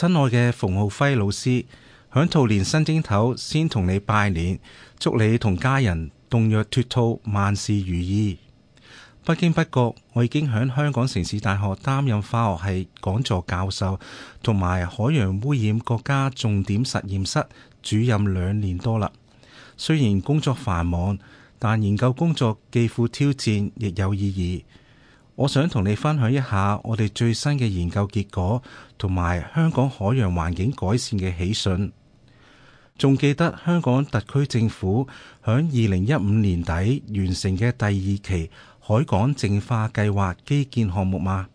親愛嘅馮浩輝老師，響兔年新正頭，先同你拜年，祝你同家人動若脫兔，萬事如意。不經不覺，我已經響香港城市大學擔任化學系講座教授，同埋海洋污染國家重點實驗室主任兩年多啦。雖然工作繁忙，但研究工作既富挑戰，亦有意義。我想同你分享一下我哋最新嘅研究結果，同埋香港海洋環境改善嘅喜訊。仲記得香港特區政府響二零一五年底完成嘅第二期海港淨化計劃基建項目嗎？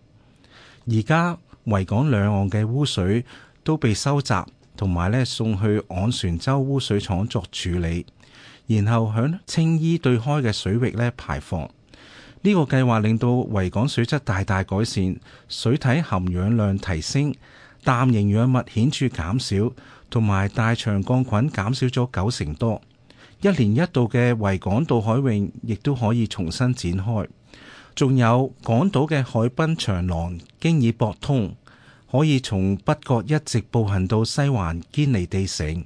而家維港兩岸嘅污水都被收集，同埋咧送去昂船洲污水廠作處理，然後響青衣對開嘅水域咧排放。呢個計劃令到維港水質大大改善，水體含氧量提升，氮營養物顯著減少，同埋大腸桿菌減少咗九成多。一年一度嘅維港渡海泳亦都可以重新展開，仲有港島嘅海濱長廊經已駁通，可以從北角一直步行到西環堅尼地城。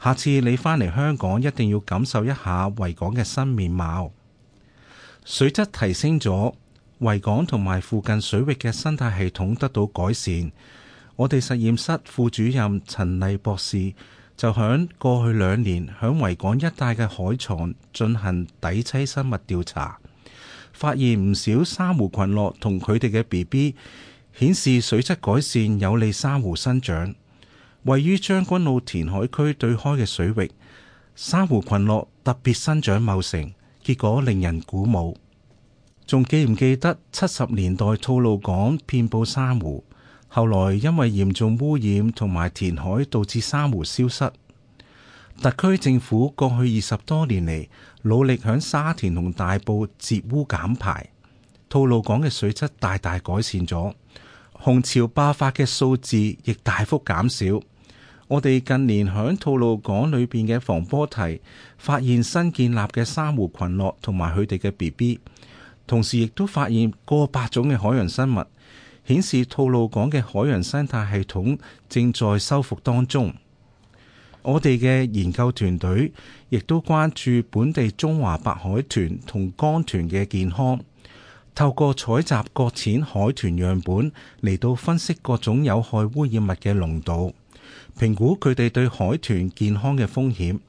下次你返嚟香港一定要感受一下維港嘅新面貌。水質提升咗，維港同埋附近水域嘅生態系統得到改善。我哋實驗室副主任陳麗博士就響過去兩年響維港一帶嘅海床進行底棲生物調查，發現唔少珊瑚群落同佢哋嘅 BB 顯示水質改善，有利珊瑚生長。位於將軍澳填海區對開嘅水域，珊瑚群落特別生長茂盛。結果令人鼓舞，仲記唔記得七十年代吐露港遍佈珊瑚，後來因為嚴重污染同埋填海導致珊瑚消失。特區政府過去二十多年嚟努力響沙田同大埔截污減排，吐露港嘅水質大大改善咗，紅潮爆發嘅數字亦大幅減少。我哋近年響吐露港裏邊嘅防波堤發現新建立嘅珊瑚群落同埋佢哋嘅 BB，同時亦都發現過百種嘅海洋生物，顯示吐露港嘅海洋生態系統正在修復當中。我哋嘅研究團隊亦都關注本地中華白海豚同江豚嘅健康，透過採集各淺海豚樣本嚟到分析各種有害污染物嘅濃度。評估佢哋對海豚健康嘅風險。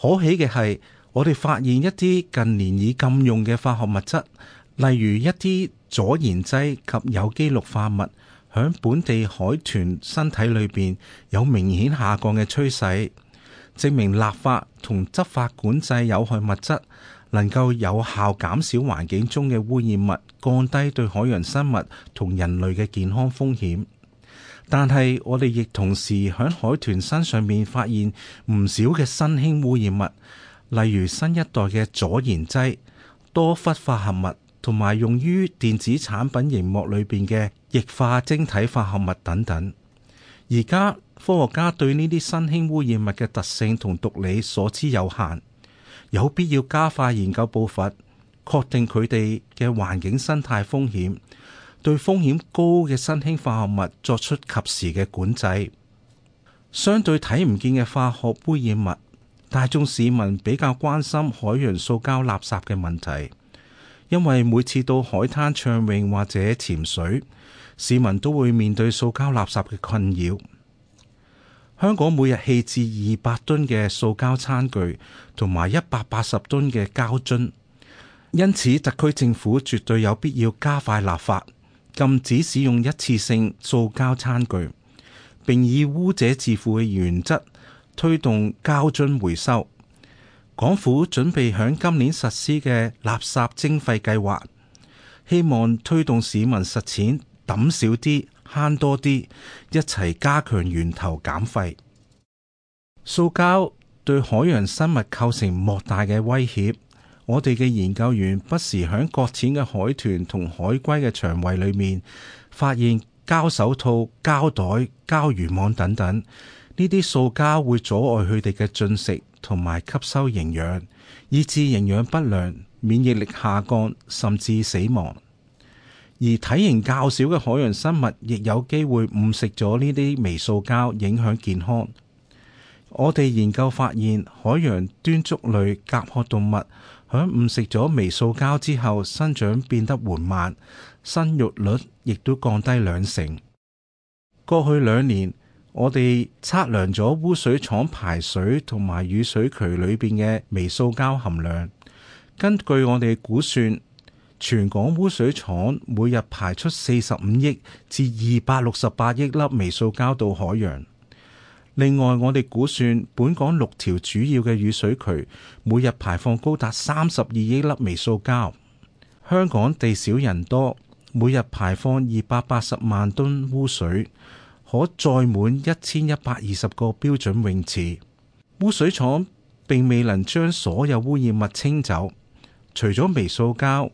可喜嘅係，我哋發現一啲近年已禁用嘅化學物質，例如一啲阻燃劑及有機氯化物，響本地海豚身體裏面有明顯下降嘅趨勢，證明立法同執法管制有害物質，能夠有效減少環境中嘅污染物，降低對海洋生物同人類嘅健康風險。但係，我哋亦同時喺海豚身上面發現唔少嘅新興污染物，例如新一代嘅阻燃劑、多氟化合物同埋用於電子產品熒幕裏邊嘅液化晶體化合物等等。而家科學家對呢啲新興污染物嘅特性同毒理所知有限，有必要加快研究步伐，確定佢哋嘅環境生態風險。對風險高嘅新興化學物作出及時嘅管制，相對睇唔見嘅化學污染物，大眾市民比較關心海洋塑膠垃圾嘅問題，因為每次到海灘暢泳，泳或者潛水，市民都會面對塑膠垃圾嘅困擾。香港每日棄置二百噸嘅塑膠餐具同埋一百八十噸嘅膠樽，因此特區政府絕對有必要加快立法。禁止使用一次性塑膠餐具，並以污者自付嘅原則推動膠樽回收。港府準備響今年實施嘅垃圾徵費計劃，希望推動市民實踐抌少啲、慳多啲，一齊加強源頭減廢。塑膠對海洋生物構成莫大嘅威脅。我哋嘅研究員不時喺擱淺嘅海豚同海龜嘅腸胃裏面發現膠手套、膠袋、膠漁網等等，呢啲塑膠會阻礙佢哋嘅進食同埋吸收營養，以致營養不良、免疫力下降，甚至死亡。而體型較小嘅海洋生物亦有機會誤食咗呢啲微塑膠，影響健康。我哋研究發現，海洋端足類甲殼動物，喺誤食咗微塑膠之後，生長變得緩慢，生育率亦都降低兩成。過去兩年，我哋測量咗污水廠排水同埋雨水渠裏邊嘅微塑膠含量。根據我哋估算，全港污水廠每日排出四十五億至二百六十八億粒微塑膠到海洋。另外，我哋估算本港六條主要嘅雨水渠每日排放高達三十二億粒微塑膠。香港地少人多，每日排放二百八十萬噸污水，可載滿一千一百二十個標準泳池。污水廠並未能將所有污染物清走，除咗微塑膠，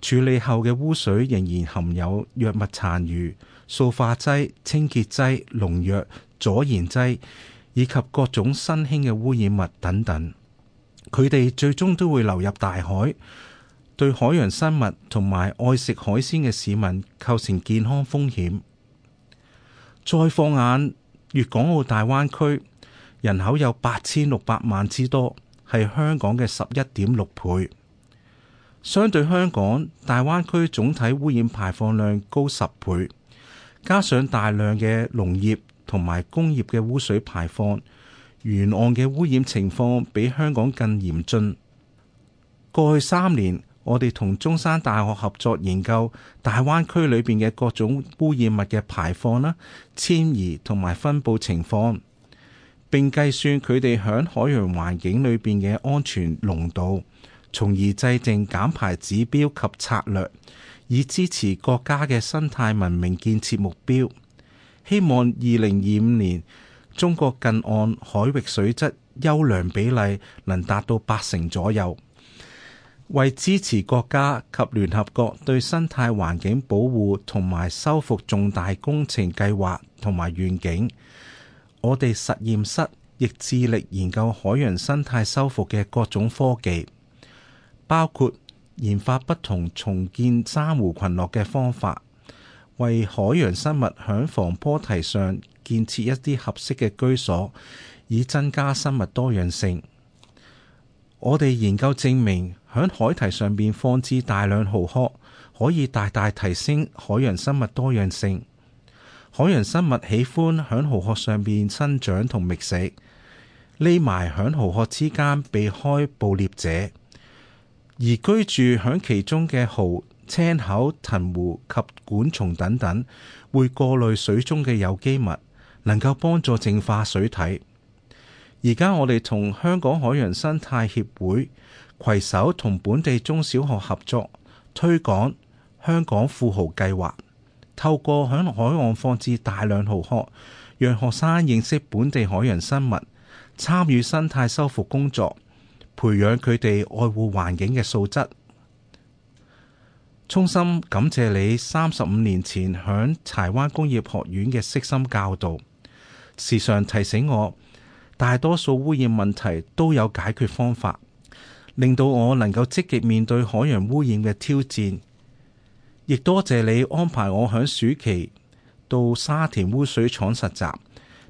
處理後嘅污水仍然含有藥物殘餘、塑化劑、清潔劑、農藥、阻燃劑以及各種新興嘅污染物等等，佢哋最終都會流入大海，對海洋生物同埋愛食海鮮嘅市民構成健康風險。再放眼粵港澳大灣區，人口有八千六百萬之多，係香港嘅十一點六倍。相對香港，大灣區總體污染排放量高十倍，加上大量嘅農業。同埋工業嘅污水排放，沿岸嘅污染情況比香港更嚴峻。過去三年，我哋同中山大學合作研究大灣區裏邊嘅各種污染物嘅排放啦、遷移同埋分佈情況，並計算佢哋響海洋環境裏邊嘅安全濃度，從而制定減排指標及策略，以支持國家嘅生態文明建設目標。希望二零二五年中國近岸海域水質優良比例能達到八成左右。為支持國家及聯合國對生態環境保護同埋修復重大工程計劃同埋願景，我哋實驗室亦致力研究海洋生態修復嘅各種科技，包括研發不同重建珊瑚群落嘅方法。為海洋生物喺防波堤上建設一啲合適嘅居所，以增加生物多樣性。我哋研究證明，喺海堤上邊放置大量蠔殼，可以大大提升海洋生物多樣性。海洋生物喜歡喺蠔殼上邊生長同覓食，匿埋喺蠔殼之間避開捕獵者，而居住喺其中嘅蠔。青口、藤壺及管蟲等等會過濾水中嘅有機物，能夠幫助淨化水體。而家我哋同香港海洋生態協會攜手同本地中小學合作，推廣香港富豪計劃，透過響海岸放置大量蠔殼，讓學生認識本地海洋生物，參與生態修復工作，培養佢哋愛護環境嘅素質。衷心感謝你三十五年前喺柴灣工業學院嘅悉心教導，時常提醒我大多數污染問題都有解決方法，令到我能夠積極面對海洋污染嘅挑戰。亦多謝你安排我喺暑期到沙田污水廠實習，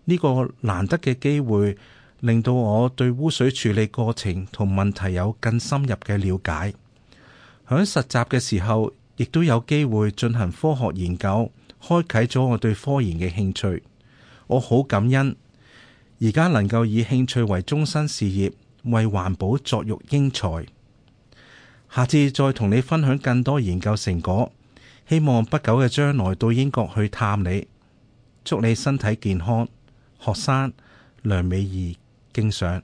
呢、這個難得嘅機會令到我對污水處理過程同問題有更深入嘅了解。喺實習嘅時候，亦都有機會進行科學研究，開啟咗我對科研嘅興趣。我好感恩，而家能夠以興趣為終身事業，為環保作育英才。下次再同你分享更多研究成果。希望不久嘅將來到英國去探你。祝你身體健康。學生梁美儀敬上。